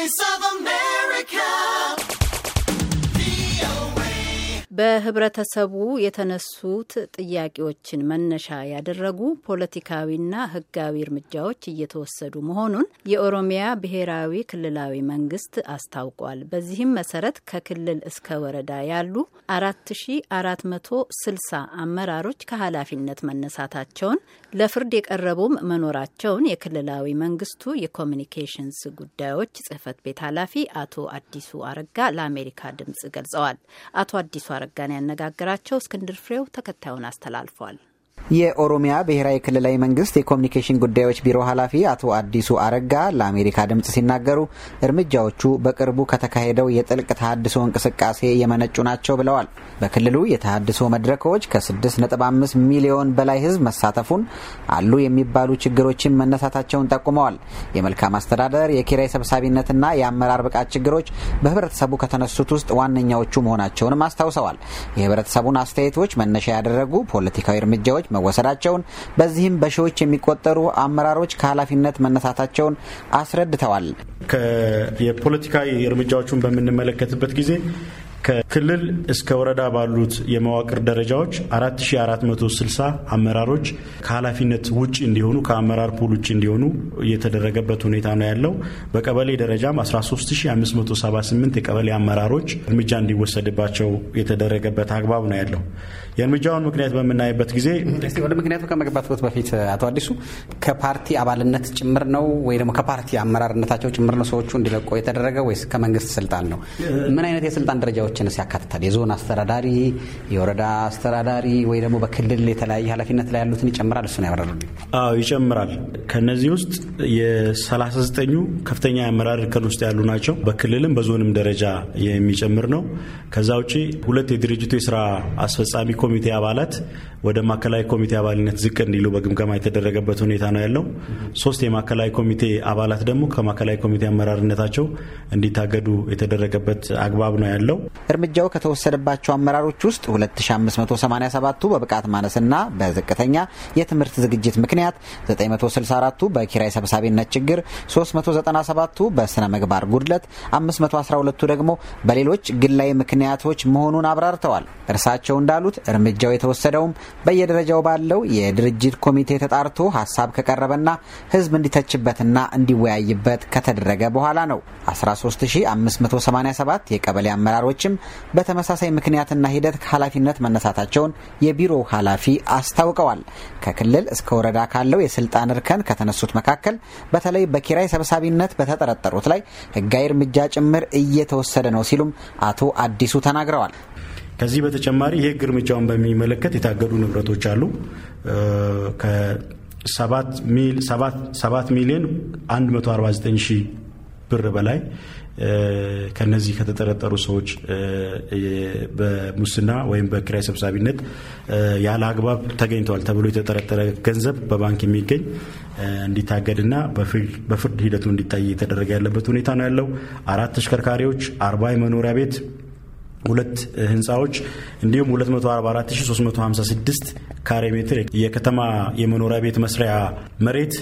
Voice of በህብረተሰቡ የተነሱት ጥያቄዎችን መነሻ ያደረጉ ፖለቲካዊና ህጋዊ እርምጃዎች እየተወሰዱ መሆኑን የኦሮሚያ ብሔራዊ ክልላዊ መንግስት አስታውቋል። በዚህም መሰረት ከክልል እስከ ወረዳ ያሉ 4460 አመራሮች ከኃላፊነት መነሳታቸውን ለፍርድ የቀረቡም መኖራቸውን የክልላዊ መንግስቱ የኮሚኒኬሽንስ ጉዳዮች ጽህፈት ቤት ኃላፊ አቶ አዲሱ አረጋ ለአሜሪካ ድምጽ ገልጸዋል። አቶ አዲሱ አረጋን ያነጋገራቸው እስክንድር ፍሬው ተከታዩን አስተላልፏል። የኦሮሚያ ብሔራዊ ክልላዊ መንግስት የኮሚኒኬሽን ጉዳዮች ቢሮ ኃላፊ አቶ አዲሱ አረጋ ለአሜሪካ ድምፅ ሲናገሩ እርምጃዎቹ በቅርቡ ከተካሄደው የጥልቅ ተሃድሶ እንቅስቃሴ የመነጩ ናቸው ብለዋል። በክልሉ የተሃድሶ መድረኮች ከ6.5 ሚሊዮን በላይ ሕዝብ መሳተፉን፣ አሉ የሚባሉ ችግሮችን መነሳታቸውን ጠቁመዋል። የመልካም አስተዳደር፣ የኪራይ ሰብሳቢነትና የአመራር ብቃት ችግሮች በህብረተሰቡ ከተነሱት ውስጥ ዋነኛዎቹ መሆናቸውንም አስታውሰዋል። የህብረተሰቡን አስተያየቶች መነሻ ያደረጉ ፖለቲካዊ እርምጃዎች መወሰዳቸውን በዚህም በሺዎች የሚቆጠሩ አመራሮች ከኃላፊነት መነሳታቸውን አስረድተዋል። የፖለቲካዊ እርምጃዎቹን በምንመለከትበት ጊዜ ከክልል እስከ ወረዳ ባሉት የመዋቅር ደረጃዎች 4460 አመራሮች ከኃላፊነት ውጭ እንዲሆኑ ከአመራር ፑል ውጭ እንዲሆኑ የተደረገበት ሁኔታ ነው ያለው። በቀበሌ ደረጃም 13578 የቀበሌ አመራሮች እርምጃ እንዲወሰድባቸው የተደረገበት አግባብ ነው ያለው። የእርምጃውን ምክንያት በምናይበት ጊዜ ወደ ምክንያቱ ከመግባት በፊት አቶ አዲሱ ከፓርቲ አባልነት ጭምር ነው ወይ ደግሞ ከፓርቲ አመራርነታቸው ጭምር ነው ሰዎቹ እንዲለቁ የተደረገ ወይስ ከመንግስት ስልጣን ነው? ምን አይነት የስልጣን ደረጃዎች ጉዳዮችን ያካትታል። የዞን አስተዳዳሪ፣ የወረዳ አስተዳዳሪ ወይ ደግሞ በክልል የተለያየ ኃላፊነት ላይ ያሉትን ይጨምራል። እሱን ያብራሩልኝ። አዎ ይጨምራል። ከነዚህ ውስጥ የ39ኙ ከፍተኛ የአመራር እርከን ውስጥ ያሉ ናቸው። በክልልም በዞንም ደረጃ የሚጨምር ነው። ከዛ ውጪ ሁለት የድርጅቱ የስራ አስፈጻሚ ኮሚቴ አባላት ወደ ማዕከላዊ ኮሚቴ አባልነት ዝቅ እንዲሉ በግምገማ የተደረገበት ሁኔታ ነው ያለው። ሶስት የማዕከላዊ ኮሚቴ አባላት ደግሞ ከማዕከላዊ ኮሚቴ አመራርነታቸው እንዲታገዱ የተደረገበት አግባብ ነው ያለው። እርምጃው ከተወሰደባቸው አመራሮች ውስጥ 2587ቱ በብቃት ማነስና በዝቅተኛ የትምህርት ዝግጅት ምክንያት፣ 964ቱ በኪራይ ሰብሳቢነት ችግር፣ 397ቱ በስነ ምግባር ጉድለት፣ 512ቱ ደግሞ በሌሎች ግላይ ምክንያቶች መሆኑን አብራርተዋል። እርሳቸው እንዳሉት እርምጃው የተወሰደውም በየደረጃው ባለው የድርጅት ኮሚቴ ተጣርቶ ሀሳብ ከቀረበና ህዝብ እንዲተችበትና እንዲወያይበት ከተደረገ በኋላ ነው። 13587 የቀበሌ አመራሮች ። ሰዎችም በተመሳሳይ ምክንያትና ሂደት ከኃላፊነት መነሳታቸውን የቢሮው ኃላፊ አስታውቀዋል። ከክልል እስከ ወረዳ ካለው የስልጣን እርከን ከተነሱት መካከል በተለይ በኪራይ ሰብሳቢነት በተጠረጠሩት ላይ ሕጋዊ እርምጃ ጭምር እየተወሰደ ነው ሲሉም አቶ አዲሱ ተናግረዋል። ከዚህ በተጨማሪ የህግ እርምጃውን በሚመለከት የታገዱ ንብረቶች አሉ። ሰባት ሚሊዮን 149 ሺህ ብር በላይ ከነዚህ ከተጠረጠሩ ሰዎች በሙስና ወይም በክራይ ሰብሳቢነት ያለ አግባብ ተገኝተዋል ተብሎ የተጠረጠረ ገንዘብ በባንክ የሚገኝ እንዲታገድና በፍርድ ሂደቱ እንዲታይ የተደረገ ያለበት ሁኔታ ነው ያለው። አራት ተሽከርካሪዎች፣ አርባ የመኖሪያ ቤት ሁለት ህንፃዎች እንዲሁም 244356 ካሬ ሜትር የከተማ የመኖሪያ ቤት መስሪያ መሬት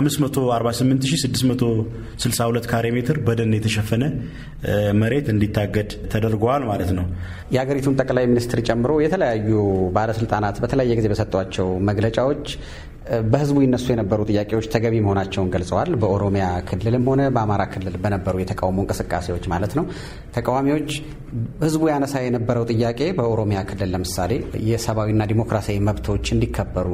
548662 ካሬ ሜትር በደን የተሸፈነ መሬት እንዲታገድ ተደርጓል ማለት ነው። የሀገሪቱን ጠቅላይ ሚኒስትር ጨምሮ የተለያዩ ባለስልጣናት በተለያየ ጊዜ በሰጧቸው መግለጫዎች በህዝቡ ይነሱ የነበሩ ጥያቄዎች ተገቢ መሆናቸውን ገልጸዋል። በኦሮሚያ ክልልም ሆነ በአማራ ክልል በነበሩ የተቃውሞ እንቅስቃሴዎች ማለት ነው። ተቃዋሚዎች ህዝቡ ያነሳ የነበረው ጥያቄ በኦሮሚያ ክልል ለምሳሌ የሰብአዊና ዲሞክራሲያዊ መብቶች እንዲከበሩ፣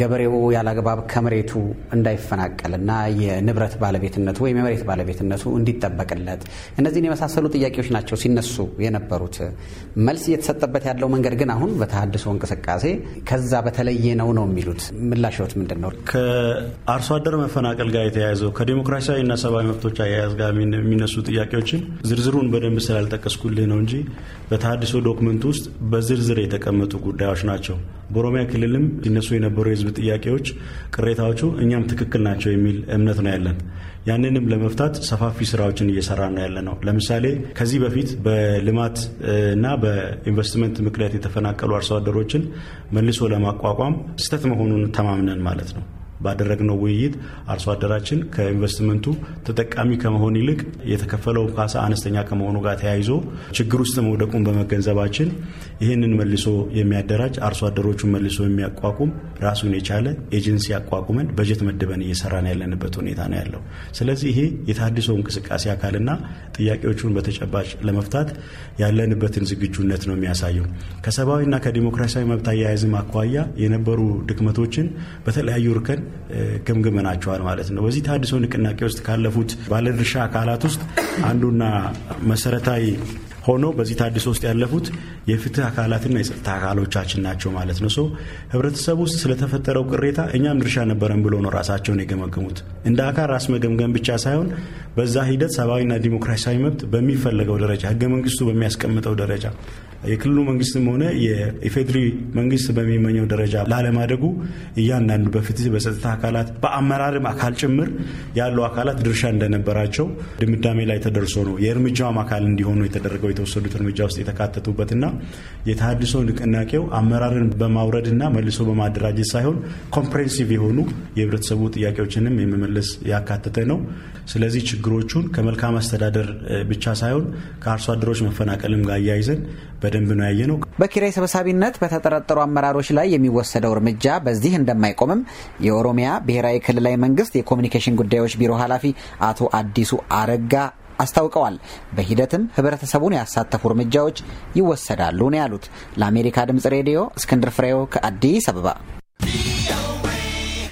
ገበሬው ያለአግባብ ከመሬቱ እንዳይፈናቀልና የንብረት ባለቤትነቱ ወይም የመሬት ባለቤትነቱ እንዲጠበቅለት፣ እነዚህን የመሳሰሉ ጥያቄዎች ናቸው ሲነሱ የነበሩት። መልስ እየተሰጠበት ያለው መንገድ ግን አሁን በተሃድሶ እንቅስቃሴ ከዛ በተለየ ነው ነው የሚሉት ምላሽ መነሻዎት ምንድን ነው? ከአርሶ አደር መፈናቀል ጋር የተያያዘው ከዲሞክራሲያዊና ሰብአዊ መብቶች አያያዝ ጋር የሚነሱ ጥያቄዎችን ዝርዝሩን በደንብ ስላልጠቀስኩልህ ነው እንጂ በተሃድሶ ዶክመንት ውስጥ በዝርዝር የተቀመጡ ጉዳዮች ናቸው። በኦሮሚያ ክልልም ሊነሱ የነበሩ የህዝብ ጥያቄዎች፣ ቅሬታዎቹ እኛም ትክክል ናቸው የሚል እምነት ነው ያለን። ያንንም ለመፍታት ሰፋፊ ስራዎችን እየሰራ ነው ያለ ነው። ለምሳሌ ከዚህ በፊት በልማት እና በኢንቨስትመንት ምክንያት የተፈናቀሉ አርሶ አደሮችን መልሶ ለማቋቋም ስህተት መሆኑን ተማምነን ማለት ነው ባደረግነው ውይይት አርሶ አደራችን ከኢንቨስትመንቱ ተጠቃሚ ከመሆን ይልቅ የተከፈለው ካሳ አነስተኛ ከመሆኑ ጋር ተያይዞ ችግር ውስጥ መውደቁን በመገንዘባችን ይህንን መልሶ የሚያደራጅ አርሶ አደሮቹን መልሶ የሚያቋቁም ራሱን የቻለ ኤጀንሲ አቋቁመን በጀት መድበን እየሰራን ያለንበት ሁኔታ ነው ያለው። ስለዚህ ይሄ የታድሶ እንቅስቃሴ አካልና ጥያቄዎቹን በተጨባጭ ለመፍታት ያለንበትን ዝግጁነት ነው የሚያሳየው። ከሰብአዊና ከዲሞክራሲያዊ መብት አያያዝም አኳያ የነበሩ ድክመቶችን በተለያዩ እርከን ገምግመናቸዋል ማለት ነው። በዚህ ታድሶ ንቅናቄ ውስጥ ካለፉት ባለድርሻ አካላት ውስጥ አንዱና መሰረታዊ ሆኖ በዚህ ታድሶ ውስጥ ያለፉት የፍትህ አካላትና የጸጥታ አካሎቻችን ናቸው ማለት ነው። ሰው ህብረተሰብ ውስጥ ስለተፈጠረው ቅሬታ እኛም ድርሻ ነበረን ብሎ ነው ራሳቸውን የገመገሙት። እንደ አካል ራስ መገምገም ብቻ ሳይሆን በዛ ሂደት ሰብአዊና ዲሞክራሲያዊ መብት በሚፈለገው ደረጃ ህገ መንግስቱ በሚያስቀምጠው ደረጃ የክልሉ መንግስትም ሆነ የኢፌድሪ መንግስት በሚመኘው ደረጃ ላለማደጉ እያንዳንዱ በፍትህ በጸጥታ አካላት በአመራርም አካል ጭምር ያሉ አካላት ድርሻ እንደነበራቸው ድምዳሜ ላይ ተደርሶ ነው የእርምጃውም አካል እንዲሆኑ የተደረገው የተወሰዱት እርምጃ ውስጥ የተካተቱበትና የተሃድሶ ንቅናቄው አመራርን በማውረድና መልሶ በማደራጀት ሳይሆን ኮምፕሬንሲቭ የሆኑ የህብረተሰቡ ጥያቄዎችንም የመመለስ ያካተተ ነው። ስለዚህ ችግሮቹን ከመልካም አስተዳደር ብቻ ሳይሆን ከአርሶ አደሮች መፈናቀልም ጋር አያይዘን በደንብ ነው ያየነው። በኪራይ ሰብሳቢነት በተጠረጠሩ አመራሮች ላይ የሚወሰደው እርምጃ በዚህ እንደማይቆምም የኦሮሚያ ብሔራዊ ክልላዊ መንግስት የኮሚኒኬሽን ጉዳዮች ቢሮ ኃላፊ አቶ አዲሱ አረጋ አስታውቀዋል። በሂደትም ህብረተሰቡን ያሳተፉ እርምጃዎች ይወሰዳሉ ነው ያሉት። ለአሜሪካ ድምጽ ሬዲዮ እስክንድር ፍሬው ከአዲስ አበባ